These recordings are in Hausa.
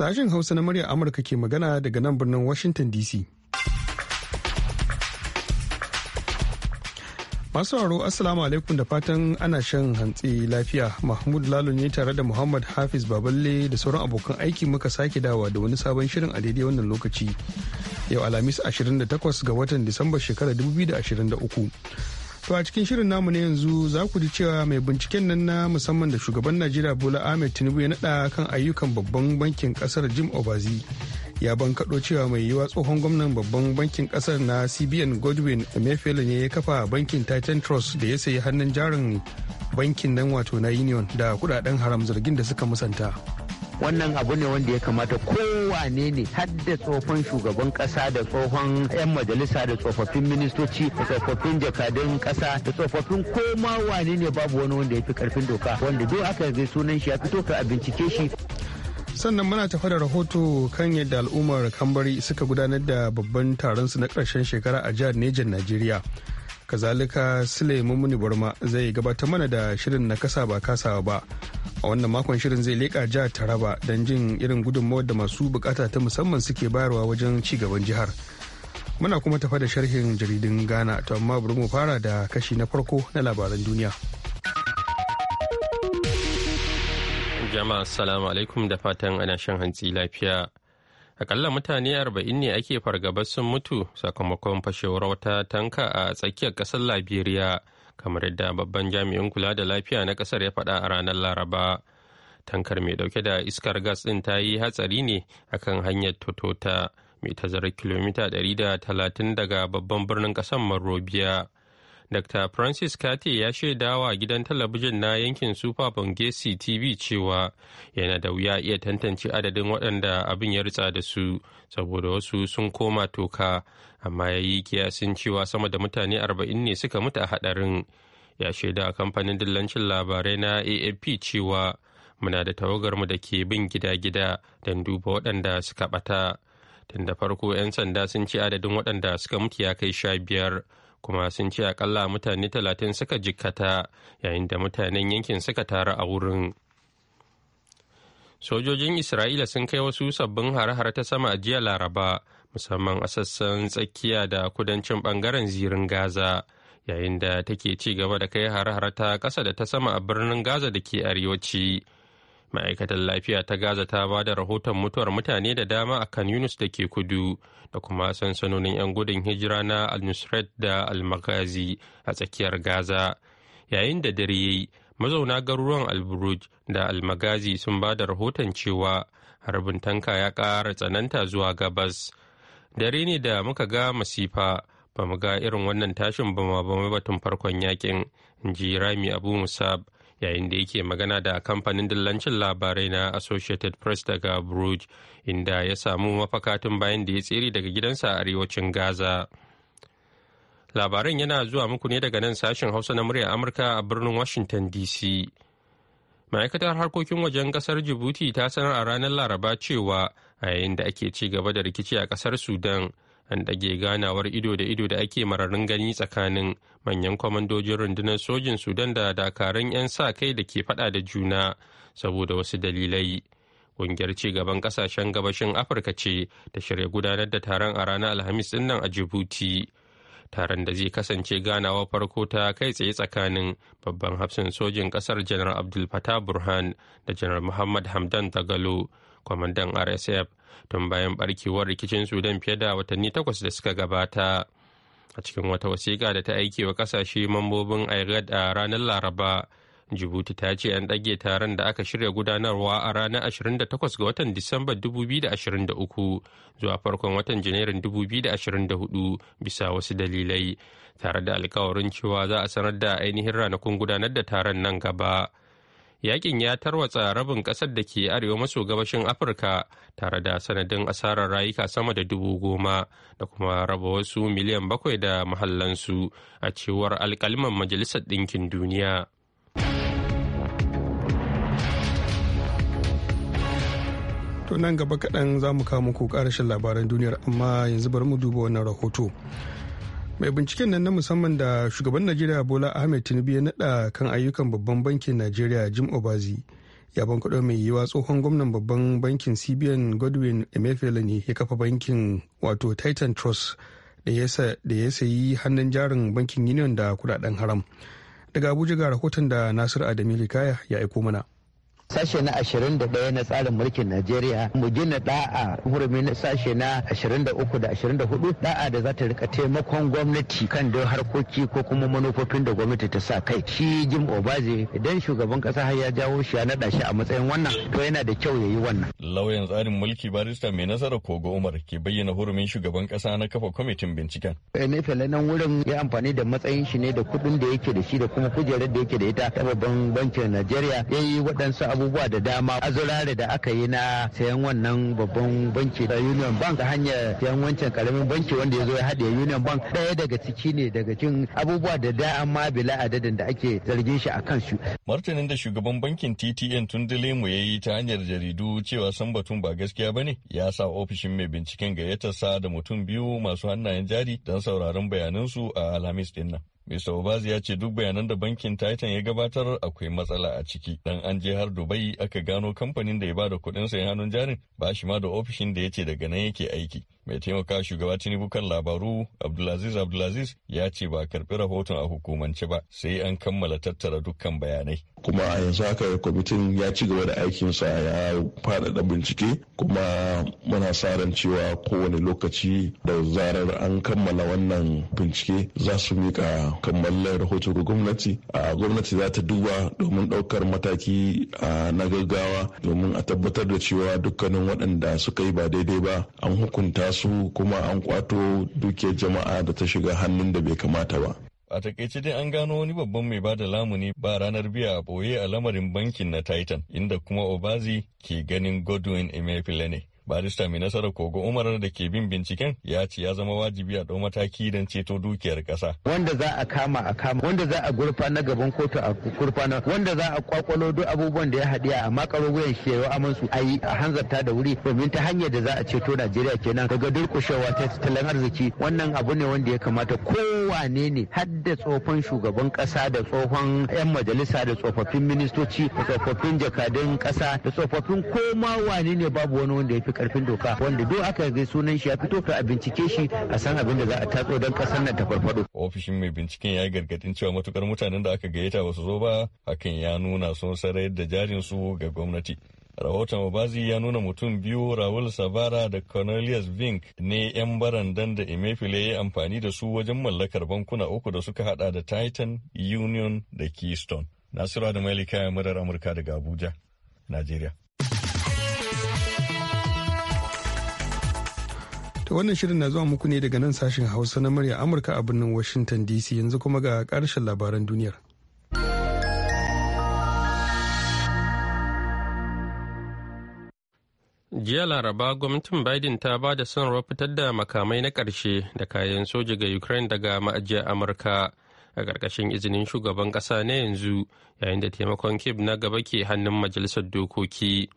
Sashen Hausa na murya Amurka ke magana daga nan birnin Washington DC. Masu sauraro Assalamu alaikum da fatan ana shan hantsi lafiya. Mahmud Lalo ne tare da Muhammad Hafiz Baballe da sauran abokan aiki muka sake dawa da wani sabon shirin a daidai wannan lokaci. Yau Alhamis 28 ga watan Disamba shekarar 2023. To a cikin shirin namu na yanzu za ku ji cewa mai binciken nan na musamman da shugaban Najeriya Bola Ahmed Tinubu ya nada kan ayyukan babban bankin kasar Jim Obazi ya bankaɗo cewa mai yiwa tsohon gwamnan babban bankin kasar na CBN Godwin Emefiele ne ya kafa bankin Titan Trust da ya sayi hannun jarin bankin nan wato na Union da kudaden haram zargin da suka musanta. wannan abu ne wanda ya kamata kowane ne har da tsohon shugaban kasa da tsohon 'yan majalisa da tsofaffin ministoci da tsofaffin jakadun kasa da tsofaffin koma wane ne babu wani wanda ya fi karfin doka wanda duk aka zai sunan shi ya fito ka bincike shi sannan muna tafa da rahoto kan yadda al'ummar kambari suka gudanar da babban taron su na karshen shekara a jihar nejan najeriya kazalika sule muni barma zai gabatar mana da shirin na kasa ba kasawa ba a wannan makon shirin zai leƙa jihar taraba don jin irin gudunmawar da masu bukata ta musamman suke bayarwa wajen ci gaban jihar muna kuma tafa da sharhin jaridun ghana to amma bari mu fara da kashi na farko na labaran duniya jama'a assalamu alaikum da fatan ana shan hantsi lafiya akalla mutane arba'in ne ake fargabar sun mutu sakamakon fashewar wata tanka a tsakiyar ƙasar liberia kamar yadda babban jami'in kula da lafiya na kasar ya faɗa a ranar laraba tankar mai dauke da iskar gas ɗin ta yi hatsari ne akan hanyar totota mai tazarar kilomita 130 daga babban birnin ƙasar marobiya Dr. Francis Kati ya shaida wa gidan talabijin na yankin Super Bongesi TV cewa yana da wuya iya tantance adadin waɗanda abin ya ritsa da su saboda wasu sun koma toka amma ya yi kiyasin cewa sama da mutane 40 ne suka mutu a haɗarin. Ya shaida kamfanin dillancin labarai na AFP cewa muna da tawagar mu da ke bin gida-gida don duba waɗanda suka ɓata. Tun da farko 'yan sanda sun ci adadin waɗanda suka mutu ya kai sha biyar. kuma sun ce akalla mutane talatin suka jikkata yayin da mutanen yankin suka taru a wurin sojojin isra'ila sun kai wasu sabbin har hare ta sama a jiya laraba musamman a sassan tsakiya da kudancin bangaren zirin gaza yayin da take ci gaba da kai har hare ta ƙasa da ta sama a birnin gaza da ke arewaci ma'aikatar lafiya ta gaza ta ba da rahoton mutuwar mutane da dama a kan yunus da ke kudu da kuma sansanonin 'yan gudun hijira na al-nusret da al a tsakiyar gaza yayin da dare yi mazauna garuruwan al-buruj da al sun ba da rahoton cewa harbin tanka ya ƙara tsananta zuwa gabas dare ne da muka ga masifa ba mu ga irin wannan tashin bama ba batun farkon yakin ji rami abu musab yayin da yake magana da kamfanin dillancin labarai na associated press daga bruges inda ya samu mafakatun bayan da ya tsere daga gidansa a arewacin gaza labaran yana zuwa muku ne daga nan sashen hausa na murya amurka a birnin washington dc ma'aikatar harkokin wajen kasar jibuti ta sanar a ranar laraba cewa a yayin da ake ci gaba da rikici a kasar sudan an ɗage ganawar ido da ido da ake mararin gani tsakanin manyan kwamandojin rundunar sojin sudan da dakarun 'yan sa kai da ke faɗa da juna saboda wasu dalilai ƙungiyar ci gaban ƙasashen gabashin afirka ce ta shirya gudanar da taron a ranar alhamis ɗin nan a jibuti taron da zai kasance ganawa farko ta kai tsaye tsakanin babban hafsin sojin ƙasar janar abdul fatah burhan da janar muhammad hamdan tagalo kwamandan rsf tun bayan barkewar rikicin sudan fiye da watanni takwas da suka gabata a cikin wata wasiƙa da ta aike wa ƙasashe mambobin igad e a ranar laraba jibuti ta ce an ɗage taron da aka shirya gudanarwa a ranar 28 ga watan disamba 2023 zuwa farkon watan janairun 2024 bisa wasu dalilai tare da alkawarin cewa za a sanar da ainihin ranakun gudanar da taron nan gaba yakin ya tarwatsa rabin ƙasar da ke arewa maso gabashin afirka tare da sanadin asarar rayuka sama da dubu goma da kuma raba wasu miliyan bakwai da mahallansu a cewar alkaliman majalisar ɗinkin duniya to nan gaba kaɗan za mu kawo muku ƙarashin labaran duniyar amma yanzu bari mu duba wannan rahoto mai binciken nan na musamman da shugaban najeriya bola ahmed tinubu ya nada kan ayyukan babban bankin najeriya jim obazi ya bankaɗo mai yiwa tsohon gwamnan babban bankin cbn godwin emefiele ne ya kafa bankin wato titan trust da ya sayi hannun jarin bankin union da kudaden haram daga abuja ga rahoton da nasiru adamu kaya ya aiko mana sashe na 21 na tsarin mulkin Najeriya mu gina da'a hurumi na sashe na 23 da 24 da'a da za ta rika taimakon gwamnati kan da harkoki ko kuma manufofin da gwamnati ta sa kai shi Jim Obaze idan shugaban kasa har ya jawo shi ya nada shi a matsayin wannan to yana da kyau ya yi wannan lauyan tsarin mulki barista mai nasara Kogo Umar ke bayyana hurumin shugaban kasa na kafa kwamitin binciken Enefele eh, nan wurin ya amfani da matsayin shi ne da kuɗin da yake da shi da kuma kujerar da yake da ita ta babban bankin Najeriya yayi waɗansu abubuwa da dama azurare da aka yi na sayan wannan babban banki da union bank ta hanyar sayan wancan karamin banki wanda ya zo ya haɗe union bank ɗaya daga ciki ne daga cikin abubuwa da dama bila adadin da ake zargin shi a kansu. martanin da shugaban bankin ttn tun mu ya yi ta hanyar jaridu cewa san batun ba gaskiya ba ne ya sa ofishin mai binciken sa da mutum biyu masu hannayen jari don sauraron bayanansu a alhamis din nan. Mr. Obazi ya ce duk bayanan da bankin Titan ya gabatar akwai matsala a ciki. Dan an je har Dubai aka gano kamfanin da ya bada kuɗin sayan hannun jarin ba shi ma da ofishin da ya ce daga nan yake aiki. mai taimaka shugaba tinubu kan labaru abdulaziz abdulaziz ya ce ba karbi rahoton a hukumance ba sai an kammala tattara dukkan bayanai kuma a yanzu haka kwamitin ya ci gaba da aikinsa ya faɗaɗa bincike kuma muna sa ran cewa kowane lokaci da zarar an kammala wannan bincike za su mika kammalar rahoton ga gwamnati a gwamnati za ta duba domin ɗaukar mataki na gaggawa domin a tabbatar da cewa dukkanin waɗanda suka yi ba daidai ba an hukunta su kuma an kwato duke jama'a da ta shiga hannun da bai kamata ba. A takaice dai an gano wani babban mai bada lamuni ba ranar biya a boye a lamarin bankin na Titan, inda kuma Obazi ke ganin Godwin Emefiele ne. barista mai nasarar kogo umar da ke bin binciken ya ce ya zama wajibi a ɗau mataki don ceto dukiyar kasa. wanda za a kama a kama wanda za a na gaban kotu a na wanda za a kwakwalo duk abubuwan da ya haɗiya a makaro wuyan shi a aman su ayi a hanzarta da wuri domin ta hanyar da za a ceto Najeriya kenan daga durƙushewa ta tattalin arziki wannan abu ne wanda ya kamata kowane ne har da tsohon shugaban ƙasa da tsohon 'yan majalisa da tsofaffin ministoci da tsofaffin jakadun ƙasa da tsofaffin koma wane ne babu wani wanda ya fi karfin doka wanda duk aka ga sunan shi ya fito ka a bincike shi a san abin da za a tatso don kasar nan ta farfado ofishin mai binciken ya yi gargadin cewa matukar mutanen da aka gayyata ba su zo ba hakan ya nuna sun sarai da jarin su ga gwamnati rahoton obazi ya nuna mutum biyu rawul Savara da Cornelius Vink ne 'yan barandan da Emefiele ya amfani da su wajen mallakar bankuna uku da suka hada da Titan, Union da Keystone. Nasiru da Malika murar Amurka daga Abuja, Najeriya. ta wannan shirin na zuwa muku ne daga nan sashen hausa na murya amurka a birnin washington dc yanzu kuma ga karshen labaran duniyar jiya laraba gwamnatin biden ta ba da sanarwar fitar da makamai na ƙarshe da kayan soja ga ukraine daga ma'ajiyar amurka a ƙarƙashin izinin shugaban ƙasa na yanzu yayin da taimakon kib na gaba ke hannun majalisar dokoki.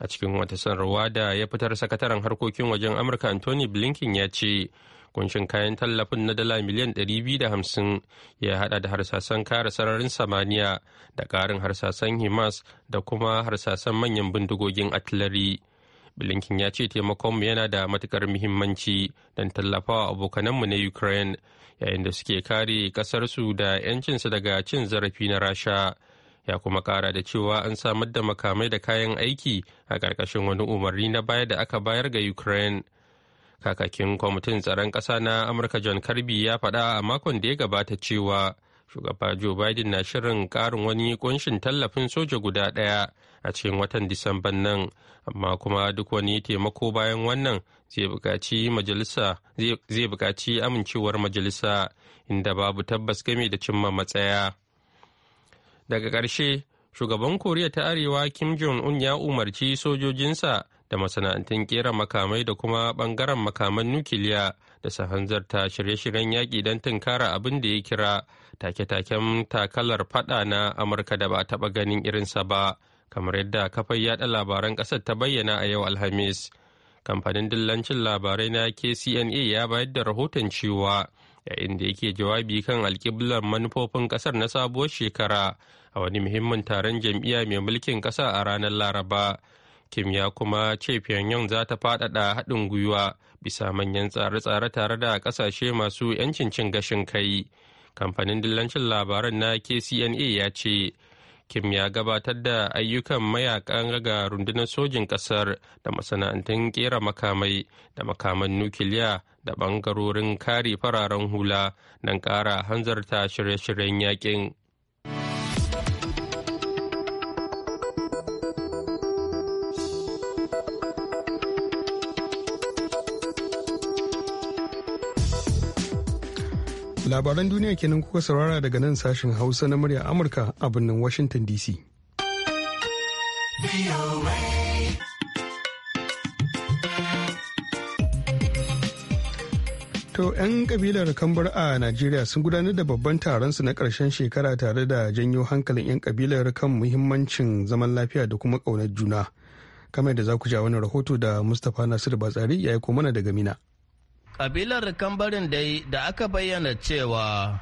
a cikin wata sanarwa da ya fitar sakataren harkokin wajen amurka anthony blinken ya ce kunshin kayan tallafin na dala miliyan 250 ya hada da harsasan kare sararin samaniya da karin harsasan himas da kuma harsasan manyan bindigogin atilari blinken ya ce taimakonmu yana da matukar muhimmanci don tallafawa abokananmu na ukraine yayin da suke kare kasarsu da 'yancinsu daga cin zarafi na rasha ya kuma kara da cewa an samar da makamai da kayan aiki a ƙarƙashin wani umarni na baya da aka bayar ga ukraine kakakin kwamitin tsaron ƙasa na amurka john karbi ya faɗa a makon da ya gabata cewa shugaba joe biden na shirin ƙarin wani kunshin tallafin soja guda ɗaya a cikin watan disamban nan amma kuma duk wani taimako bayan wannan zai bukaci zai buƙaci amincewar majalisa inda babu tabbas game da cimma matsaya. daga ƙarshe shugaban koriya ta arewa kim jong-un ya umarci sojojinsa da masana'antun kera makamai da kuma bangaren makaman nukiliya da su hanzarta shirye-shiryen yaƙi don tunkara abin da ya kira take-taken takalar fada na amurka da ba taɓa ganin irinsa ba kamar yadda kafar yaɗa labaran ƙasar ta bayyana a yau alhamis kamfanin dillancin labarai na kcna ya bayar da rahoton cewa yayin da yake jawabi kan alkiblar manufofin kasar na sabuwar shekara a wani muhimmin taron jam'iyya mai mulkin kasa a ranar laraba kim ya kuma ce pyongyang za ta faɗaɗa haɗin gwiwa bisa manyan tsare-tsare tare da ƙasashe masu 'yancin cin gashin kai kamfanin dillancin labaran na kcna ya ce Kim ya gabatar da ayyukan mayakan raga rundunar sojin ƙasar da masana'antun ƙera makamai da makaman nukiliya da ɓangarorin kare fararen hula don ƙara hanzarta shirye-shiryen yakin. labaran duniya kenan kuka saurara daga nan sashen hausa na murya amurka a birnin washington dc To 'yan kabilar kambar a Najeriya sun gudanar da babban taron su na ƙarshen shekara tare da janyo hankalin 'yan kabilar kan muhimmancin zaman lafiya da kuma ƙaunar juna. Kamar da za ku ja wani rahoto da Mustapha Nasiru Batsari ya yi mana daga Mina. Kabilar kambarin dai da aka bayyana cewa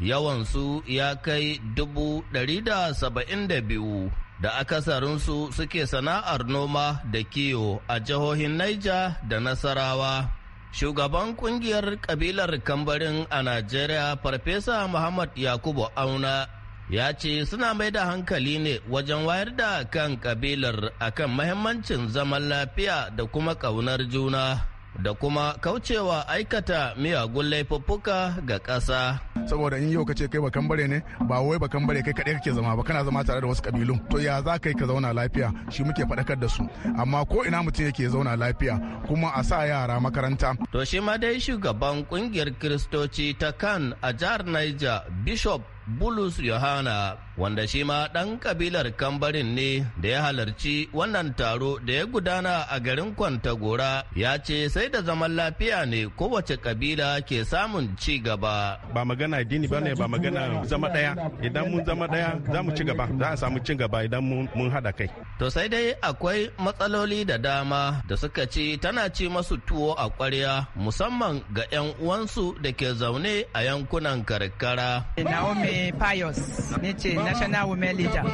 yawansu ya kai dubu dari da saba'in da biyu da akasarinsu suke sana'ar noma da kiyo a jihohin Niger da Nasarawa. Shugaban kungiyar kabilar kambarin a Najeriya Farfesa Muhammad Yakubu Auna ya ce suna mai da hankali ne wajen wayar da kan kabilar akan mahimmancin zaman lafiya da kuma ƙaunar juna. da kuma kaucewa aikata miyagun laifuffuka ga ƙasa. saboda in yau ka ce kai bakan bare ne ba wai bakan bare kai kaɗai kake zama ba kana zama tare da wasu kabilu to ya za kai ka zauna lafiya shi muke faɗakar da su amma ko ina mutum yake zauna lafiya kuma a sa yara makaranta. to shi ma dai shugaban kungiyar kiristoci ta kan a jihar niger bishop Bulus Yohana wanda shi ma ɗan kabilar kambarin ne da ya halarci wannan taro da ya gudana a garin Kwantagora ya ce sai da zaman lafiya ne kowace kabila ke samun ci gaba. Ba magana addini ba ne ba magana zama ɗaya idan mun zama ɗaya za mu ci gaba za a samu ci gaba idan mun haɗa kai. To sai dai akwai matsaloli da dama da suka ci tana ci masu tuwo a ƙwarya musamman ga 'yan uwansu da ke zaune a yankunan karkara. Naomi Payos, ne ce National Women Leader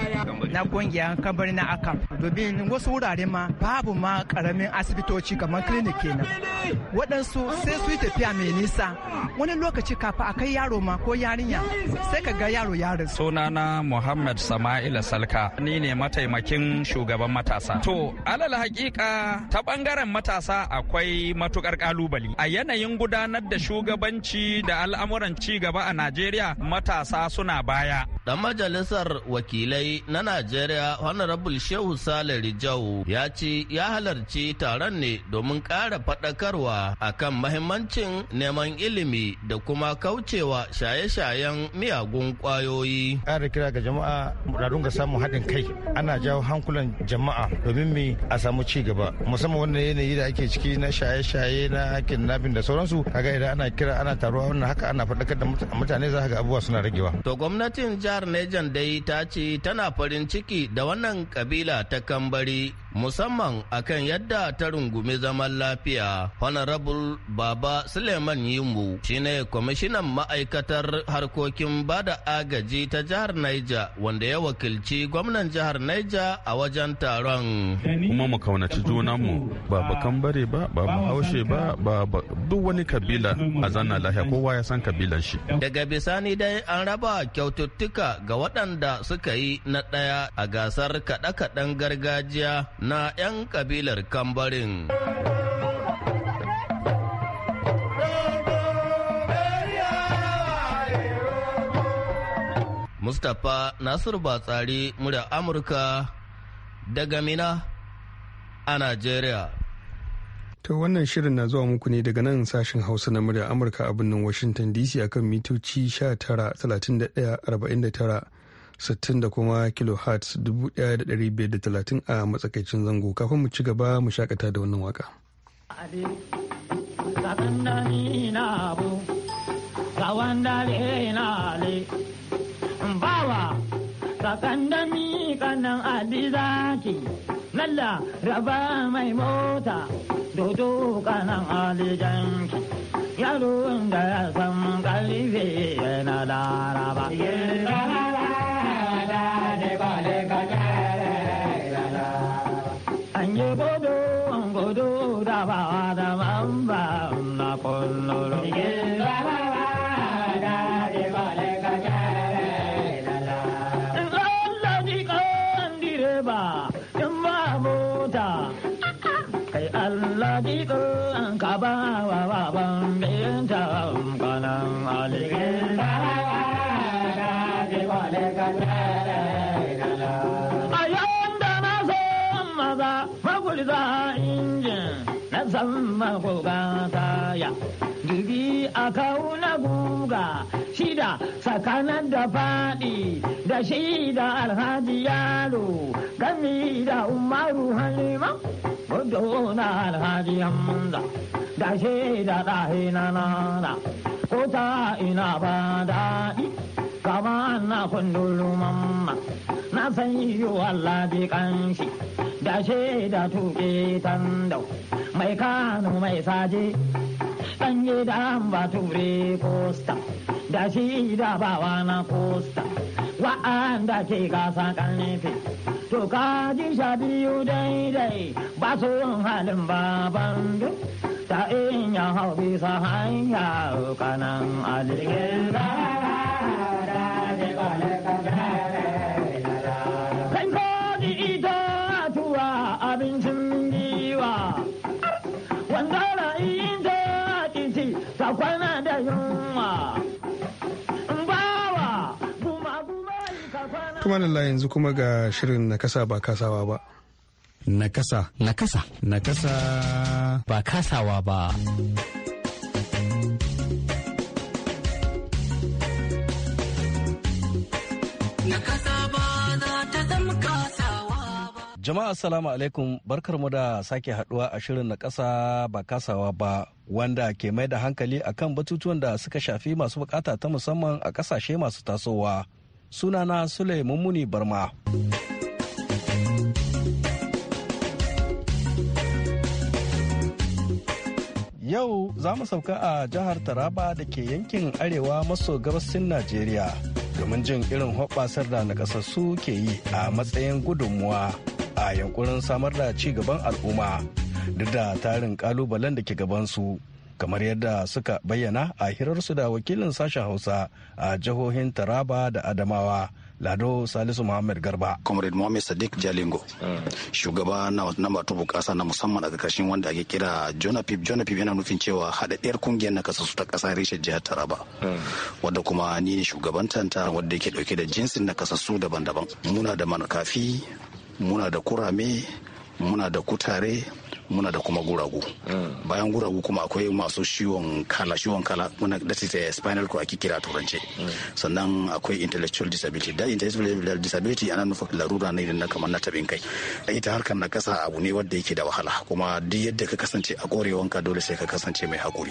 na kungiyar kabari na akam Domin wasu wurare ma babu ma karamin asibitoci kamar clinic kenan. Waɗansu sai su yi tafiya mai nisa. Wani lokaci kafa a kai yaro ma ko yarinya sai ka ga yaro yarin. Sunana Muhammad Sama'ila Salka ni ne mataimakin shugaban matasa. To, alal hakika ta bangaren matasa akwai matukar kalubale. A yanayin gudanar da shugabanci da al'amuran ci gaba a Najeriya matasa suna baya. Dan majalisar wakilai na Najeriya Honorable Shehu Sale Rijau ya ce ya halarci taron ne domin ƙara faɗakarwa kan mahimmancin neman ilimi da kuma kaucewa shaye-shayen miyagun ƙwayoyi. Ƙara kira ga jama'a da dunga samun haɗin kai ana jawo hankulan jama'a domin mi a samu ci gaba musamman wannan yanayi da ake ciki na shaye-shaye na hakin da sauransu kaga idan ana kira ana taruwa wannan haka ana faɗakar da mutane za ga abubuwa suna ragewa. To gwamnatin jihar Nejan dai ta ce tana farin ciki da wannan kabila ta kambari musamman akan yadda ta rungumi zaman lafiya honorable baba suleiman yimu shine kwamishinan ma'aikatar harkokin bada agaji ta jihar naija wanda ya wakilci gwamnan jihar naija a wajen taron kuma mu kaunaci junanmu ba bakan bare ba ba haushe ba ba duk wani kabila a zanna lahiya kowa ya san kabilan shi daga bisani dai an raba kyaututtuka ga waɗanda suka yi na ɗaya a gasar kaɗe kaɗan gargajiya na 'yan kabilar kambarin. Mustapha Nasiru Batsari murya Amurka daga Mina a Najeriya. ta wannan shirin na zuwa muku ne daga nan sashen Hausa na murya Amurka a birnin Washington DC akan mitoci 19, 31, 49 60 da kuma kilohertz 1530 a matsakaicin zango kafin mu ci gaba mu shakata da wannan waka. Bawa, sakandami kanan alizaki. lalla raba mai mota dodo kanan alijanki yaro da ya san kalife yana laraba. zama gogata ya gibi a kauna guga shida tsakanin da faɗi da shida alhaji yaro gami da umaru halima gudu na alhaji hamza da shida ɗahe na nana ko ta ina ba daɗi Baba na kwandolo mamma na san yiwu Allah bi kanshi da she da tuke tando mai kano mai saje dan da ba ture kosta da shi da bawa na kosta wa'anda ke gasa kanfe to ka ji sha biyu daidai ba su halin baban duk ta in ya hau bisa hanya kanan alirgin tumanalla yanzu kuma ga shirin na kasa ba kasawa ba. Na kasa. Na kasa. Na kasa. Ba kasawa ba. Jama'a assalamu alaikum barkar mu da sake haduwa a shirin na kasa ba kasawa ba wanda ke mai da hankali akan batutuwan da suka shafi masu bukata ta musamman a kasashe masu tasowa. Sunana Sule Mummuni Barma. Yau za mu sauka a jihar Taraba da ke yankin arewa maso gabasin Najeriya domin jin irin hoɓɓasar da nakasassu ke yi a matsayin gudunmuwa a yankurin samar da ci gaban al'umma duk da tarin kalubalen da ke gabansu kamar yadda suka bayyana a hirarsu da wakilin sashen hausa a jihohin taraba da adamawa Lado Salisu Muhammad Garba. Comrade Muhammad Sadiq Jalingo, shugaba na wata bukasa na musamman a ƙarƙashin wanda ake kira Jona Pip. yana nufin cewa haɗaɗɗiyar kungiyar na su ta kasa reshen jihar Taraba. Wadda kuma ni ne shugaban tanta wadda yake ɗauke da jinsin na su daban-daban. Muna da manakafi, muna da kurame muna da kutare muna da kuma guragu hmm. bayan guragu kuma akwai masu ciwon kala ciwon kala muna da eh, spinal cord ake kira turance hmm. sannan akwai intellectual disability da intellectual disability ana nufa larura ne na kamar na tabin kai A eh, ita harkar na kasa abu ne wanda yake da wahala kuma duk yadda ka kasance a korewanka dole sai ka kasance mai hakuri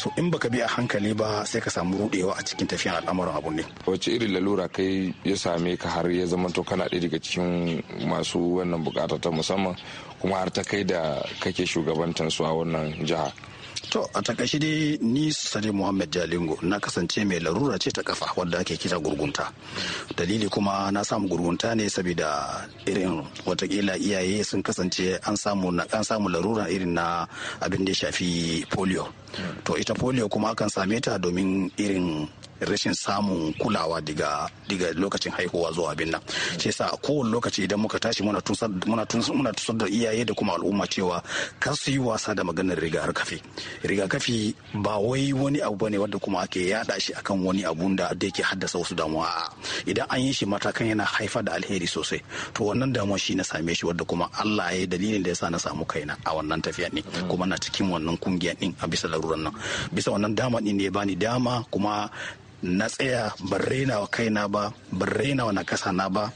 so in baka bi a hankali ba sai ka samu rudewa a cikin tafiyan al'amuran abu ne wace irin lalura kai ya same ka har ya zama to kana ɗaya daga cikin masu wannan bukata ta musamman kuma har ta kai da kake shugabantar su a wannan jiha to a takaice dai ni sade muhammad jalingo na kasance mai larura ce ta kafa wadda ake kira gurgunta dalili kuma na samu gurgunta ne saboda irin watakila iyaye sun kasance an samu na samu larura irin na abin da ya shafi polio to ita polio kuma akan same ta domin irin rashin samun kulawa daga lokacin haihuwa zuwa abin nan shi yasa a kowane lokaci idan muka tashi muna tusar da iyaye da kuma al'umma cewa kar su yi wasa da maganar kafi rigar kafi ba wai wani abu bane wanda kuma ake yada shi akan wani abun da da yake haddasa wasu damuwa a idan an yi shi matakan yana haifar da alheri sosai to wannan damuwa shi na same shi wanda kuma Allah ya yi dalilin da yasa na samu kaina a wannan tafiya ne kuma na cikin wannan kungiya din a bisa laruran nan bisa wannan dama din ne bani dama kuma na tsaya ban raina wa kaina ba ban raina wa nakasa na ba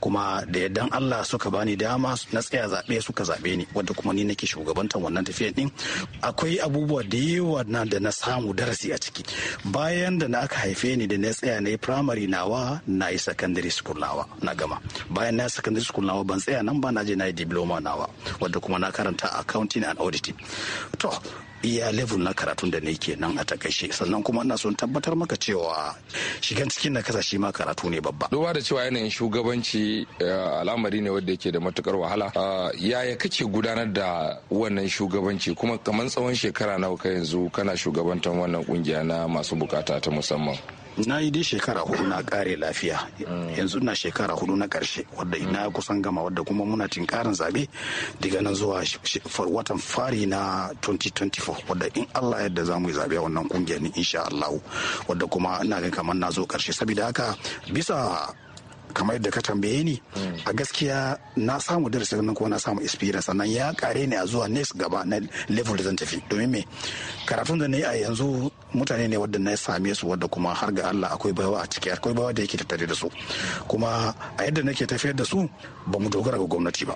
kuma da yardan Allah suka bani dama na tsaya zaɓe suka zaɓe ni wadda kuma ni nake shugabantan wannan tafiyar din akwai abubuwa da yawa na da na samu darasi a ciki bayan da na aka haife ni da na tsaya na yi primary nawa na yi secondary school nawa na gama bayan na secondary school nawa ban tsaya nan ba na je na yi diploma nawa wadda kuma na karanta accounting and auditing to iya level na karatun da ne nan a takaice sannan kuma ina son tabbatar maka cewa shigan cikin na kasa shi ma karatu ne babba duba da cewa yanayin shugabanci eh, al'amari ne wanda yake da matukar wahala ya eh, yaya kake gudanar da wannan shugabanci kuma kamar tsawon shekara nawa ka yanzu kana shugabantar wannan kungiya na masu bukata ta musamman na yi dai shekara hudu na kare lafiya yanzu na shekara hudu na karshe wadda ina kusan gama wadda kuma muna tinkarin zabe daga nan zuwa watan fari na 2024 wadda in Allah yadda za mu yi zabe wannan kungiyar insha allahu wadda kuma ina ga kamar na zo karshe saboda haka bisa kamar yadda ka tambaye ni a gaskiya na samu darasi nan kuma na samu experience sannan ya kare ni a zuwa next gaba na level da zan tafi domin me karatun da na yi a yanzu mutane ne wadda na same su wadda kuma har ga Allah akwai bawa a ciki akwai bawa da yake tattare da su kuma a yadda nake tafiyar da su ba mu dogara ga gwamnati ba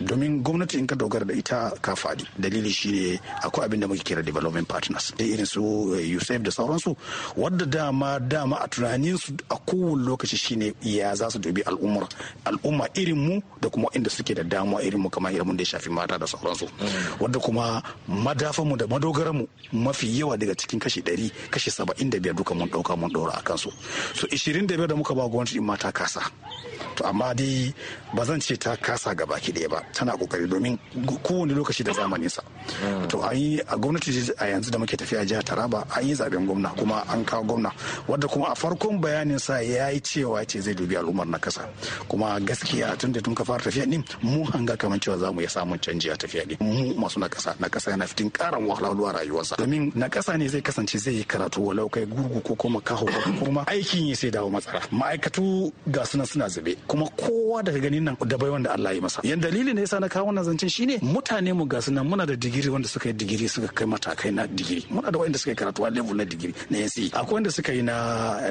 domin gwamnati in ka dogara da ita ka faɗi dalili shine akwai abin da muke kira development partners da eh, irin su eh, USAID da sauransu wadda dama dama a tunanin su a kowane lokaci shine ya za su dubi al'ummar al'umma irin mu da kuma inda suke da damuwa irin mu kamar irin mun da shafi mata da sauransu mm. wadda kuma madafa mu da madogara mu mafi yawa daga cikin kashi ɗari kashi saba'in da biyar duka mun ɗauka mun ɗora a kansu so ishirin da biyar da muka ba gwamnati in ma kasa to amma dai ba zan ce ta kasa gaba ki ɗaya ba tana kokari domin kowane lokaci da sa mm. to an yi a gwamnati a yanzu da muke tafiya jihar taraba an yi zaben gwamna kuma an kawo gwamna wadda kuma a farkon bayanin sa ya yi cewa ce zai dubi al'ummar na kasa kuma gaskiya tun da tun ka fara tafiya din mu hanga kamar cewa za mu iya samun canji a tafiya din mu masu na kasa na kasa yana fitin karan wahalhaluwa rayuwarsa domin na kasa ne zai kasance zai yi karatu walau kai gurgu ko kuma kaho ko kuma aikin yi sai dawo matsala ma'aikatu ga sunan suna zube kuma kowa daga ganin nan da bai wanda Allah ya masa yan dalilin ne yasa na kawo wannan zancen shine mutane mu gasu nan muna da digiri wanda suka yi digiri suka kai matakai na digiri muna da wanda suka yi karatu a level na digiri na NCE akwai wanda suka yi na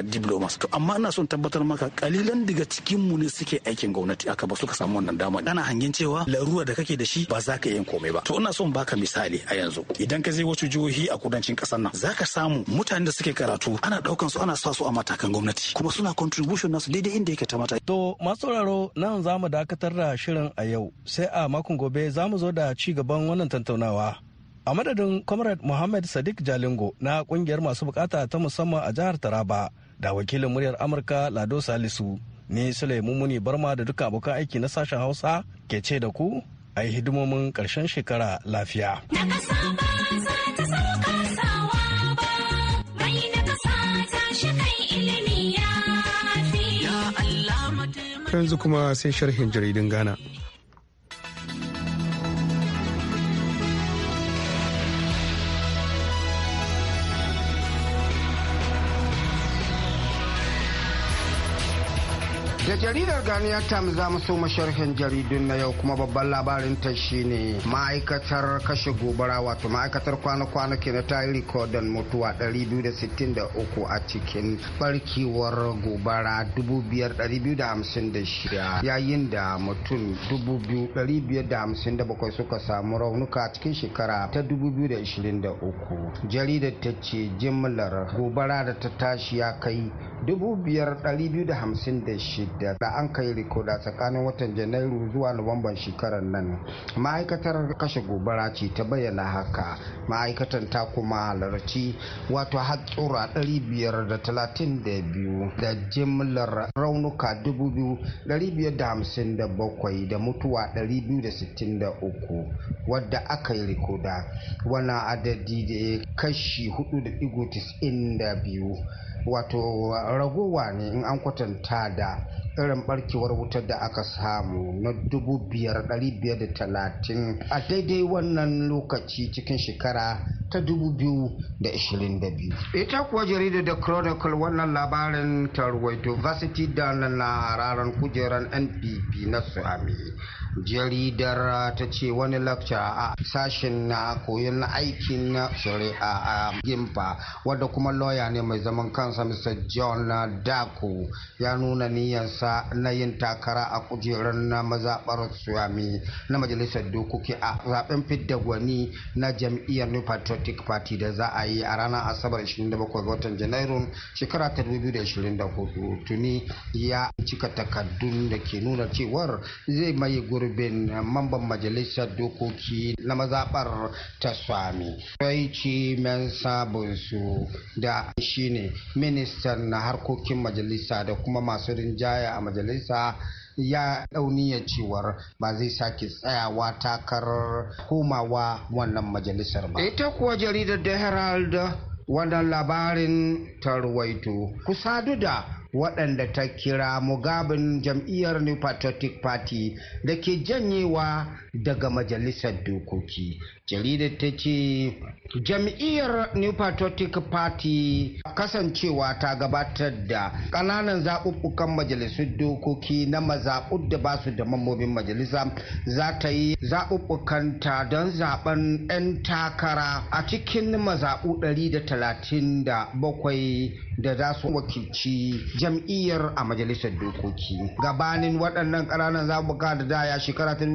diplomas to amma ina son tabbatar maka kalilan daga cikin mu ne suke aikin gwamnati aka ba suka samu wannan dama ana hangen cewa larura da kake da shi ba za ka yi komai ba to ina son baka misali a yanzu idan ka je wasu jihohi a kudancin kasar nan zaka samu mutane da suke karatu ana daukan su ana sa su a matakan gwamnati kuma suna contribution nasu daidai inda yake ta mata to masu nan za dakatar da shirin a yau sai a makon gobe za mu zo da ci gaban wannan tattaunawa. A madadin Comrade Muhammad Sadiq Jalingo na kungiyar masu bukata ta musamman a jihar Taraba da wakilin muryar Amurka Lado Salisu. ne Sulaimu Muni Barma da duka abokan aiki na sashen Hausa ke ce da ku a yi hidimomin ƙarshen shekara lafiya. Yanzu kuma sai sharhin jaridin Ghana. jaridar Ghanaian Times za mu so masharhin jaridun na yau kuma babban labarin ta shine ma'aikatar kashe gobara wato ma'aikatar kwana-kwana ke na tayi rikodin mutuwa 263 a cikin barkewar gobara 5,256 yayin da mutum 2,557 suka samu raunuka cikin shekara ta 2023 jaridar ta ce jimlar gobara da ta tashi ya kai 5,256 da an kai rikoda tsakanin watan janairu zuwa nuwamban shekarar nan ma'aikatar kashe gobara ce ta bayyana haka ma'aikatan ta kuma halarci wato hatsura 532 da jimlar raunuka 2,557 da mutuwa 263 wadda aka yi rikoda wani adadi da kashi 4.92 wato ragowa ne in an kwatanta da irin barkewar wutar da aka samu na 5,530 a daidai wannan lokaci cikin shekara ta 2022 ita kuwa jaridar da chronicle wannan labarin tarwaito varsity da na ranar kujerar npp na suami jaridar ta ce wani lakca a sashen na koyon aikin na shari'a a gimfa wadda kuma lauya ne mai zaman kansa mr john dako ya nuna niyansa na yin takara a kujerar na mazaɓar suwami na majalisar dokoki a zaben fidda gwani na jam'iyyar new patriotic party da za a yi a ranar asabar 27 ga watan janairun shekara ta 2024 tuni ya cika takardun da ke nuna cewar zai mai gurbin mamban majalisar dokoki na mazaɓar ta swami raici sabunsu da shine ministan na harkokin majalisa da kuma masu rinjaya a majalisa ya dauniya cewar ba zai sake tsayawa takarar komawa wannan majalisar ba ita kuwa jaridar da herald wannan labarin tarwaito ku sadu da waɗanda ta kira mugabin jam'iyyar new patriotic party da ke janyewa daga majalisar dokoki jaridar ta ce jam'iyyar new patriotic party kasancewa ta gabatar da ƙananan zaɓuɓɓukan majalisun dokoki na mazaɓu da ba su da mambobin majalisa za ta yi zaɓuɓɓukanta don zaɓen 'yan takara a cikin mazaɓu 137 da za su wakilci jam'iyyar a majalisar dokoki gabanin waɗannan ƙananan zabuka da daya shekara ta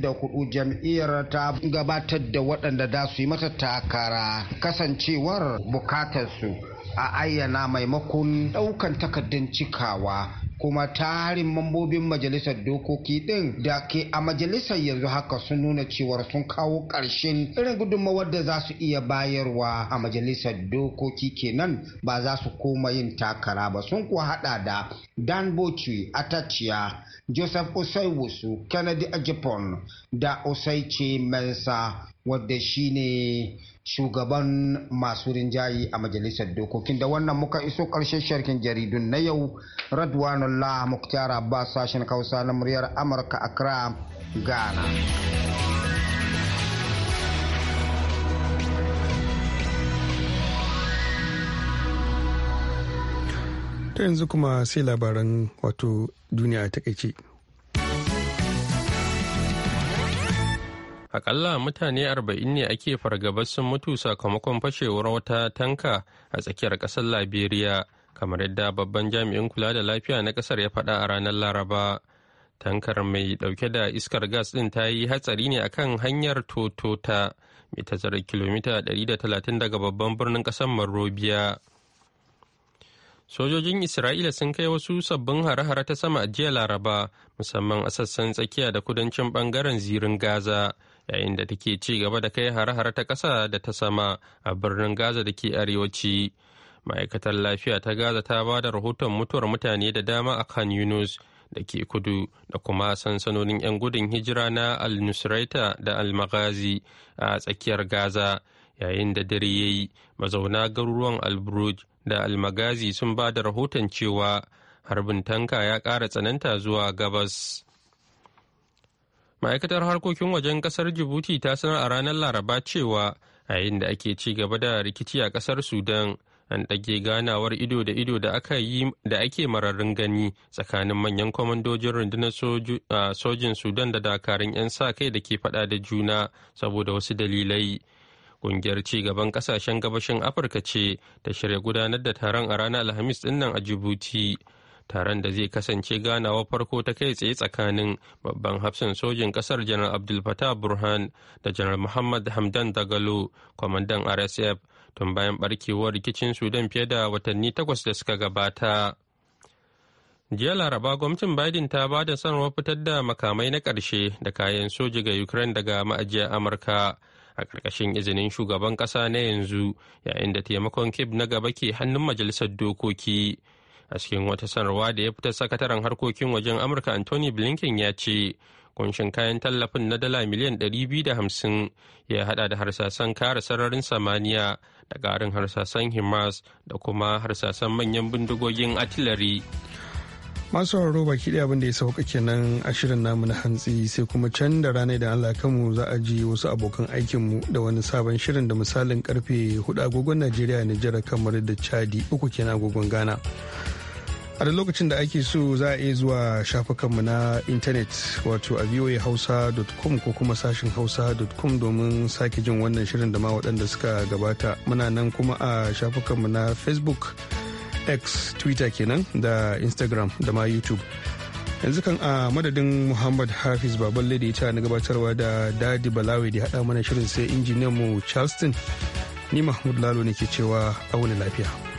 da hudu jam'iyyar ta gabatar da waɗanda za su yi mata takara kasancewar bukatarsu a ayyana maimakon ɗaukan takardun cikawa kuma tarin mambobin majalisar dokoki din da ke a majalisar yanzu haka sun nuna cewar sun kawo ƙarshen irin gudunmawar da za su iya bayarwa a majalisar dokoki kenan ba za su koma yin takara ba sun kuwa hada da dan bochi atachiya joseph Wusu, kennedy ajipon da osaice mensa wadda shi ne shugaban masu rinjaye a majalisar dokokin da wannan muka iso karshen sharkin jaridun na yau radwanullah muktar abbas sashen kausa na muryar amurka accra ghana ta yanzu kuma sai labaran wato duniya ta takaice. akalla mutane arba'in ne ake fargabar sun mutu sakamakon fashewar wata tanka a tsakiyar ƙasar liberia kamar yadda babban jami'in kula da lafiya na kasar ya faɗa a ranar laraba tankar mai ɗauke da iskar gas ɗin ta yi hatsari ne akan hanyar totota mai tazarar kilomita 130 daga babban birnin ƙasar marobiya sojojin isra'ila sun kai wasu sabbin hare-hare ta sama a jiya laraba musamman a sassan tsakiya da kudancin bangaren zirin gaza yayin da take ci gaba da kai hare-hare ta ƙasa da ta sama a birnin gaza da ke arewaci ma'aikatar lafiya ta gaza ta ba da rahoton mutuwar mutane da dama a kan yunus da ke kudu da kuma sansanonin 'yan gudun hijira na al-nusraita da al-maghazi a tsakiyar gaza yayin da dare ya yi mazauna garuruwan al da al sun ba da rahoton cewa harbin tanka ya ƙara tsananta zuwa gabas. ma'aikatar harkokin wajen kasar jibuti ta sanar a ranar laraba cewa yayin da ake ci gaba da rikici a kasar sudan an ɗage ganawar ido da ido da aka yi da ake mararin gani tsakanin manyan kwamandojin rundunar sojin sudan da dakarun 'yan sa kai da ke faɗa da juna saboda wasu dalilai ƙungiyar ci gaban kasashen gabashin afirka ce ta shirya gudanar da taron a ranar alhamis dinnan a jibuti taron da zai kasance ganawa farko ta kai tsaye tsakanin babban hafsan sojin kasar janar abdul fatah burhan da janar muhammad hamdan dagalo kwamandan rsf tun bayan barkewar rikicin sudan fiye da watanni takwas da suka gabata jiya laraba gwamnatin biden ta ba da sanarwar fitar da makamai na ƙarshe da kayan soji ga ukraine daga ma'ajiyar amurka a ƙarƙashin izinin shugaban ƙasa na yanzu yayin da taimakon kib na gaba ke hannun majalisar dokoki a cikin wata sanarwa da ya fita sakataren harkokin wajen amurka anthony blinken ya ce kunshin kayan tallafin na dala miliyan 250 ya hada da harsasan kare sararin samaniya da karin harsasan himas da kuma harsasan manyan bindigogin artillery masu sauraro baki ɗaya abin ya sauka kenan a shirin namu na hantsi sai kuma can da rana da Allah kanmu za a ji wasu abokan aikinmu da wani sabon shirin da misalin karfe hudu agogon Najeriya Nijar kamar da Chadi uku kenan agogon Ghana. a da lokacin da ake so za a iya zuwa shafukanmu na intanet wato a voahausa.com ko kuma sashin hausa.com domin sake jin wannan shirin da ma waɗanda suka gabata muna nan kuma a shafukanmu na facebook x twitter kenan da instagram da ma youtube yanzu kan a madadin muhammad hafiz baban da ita na gabatarwa da dadi balawi da haɗa mana shirin sai injiniyanmu charleston ni mahmud lalo ne ke cewa wani lafiya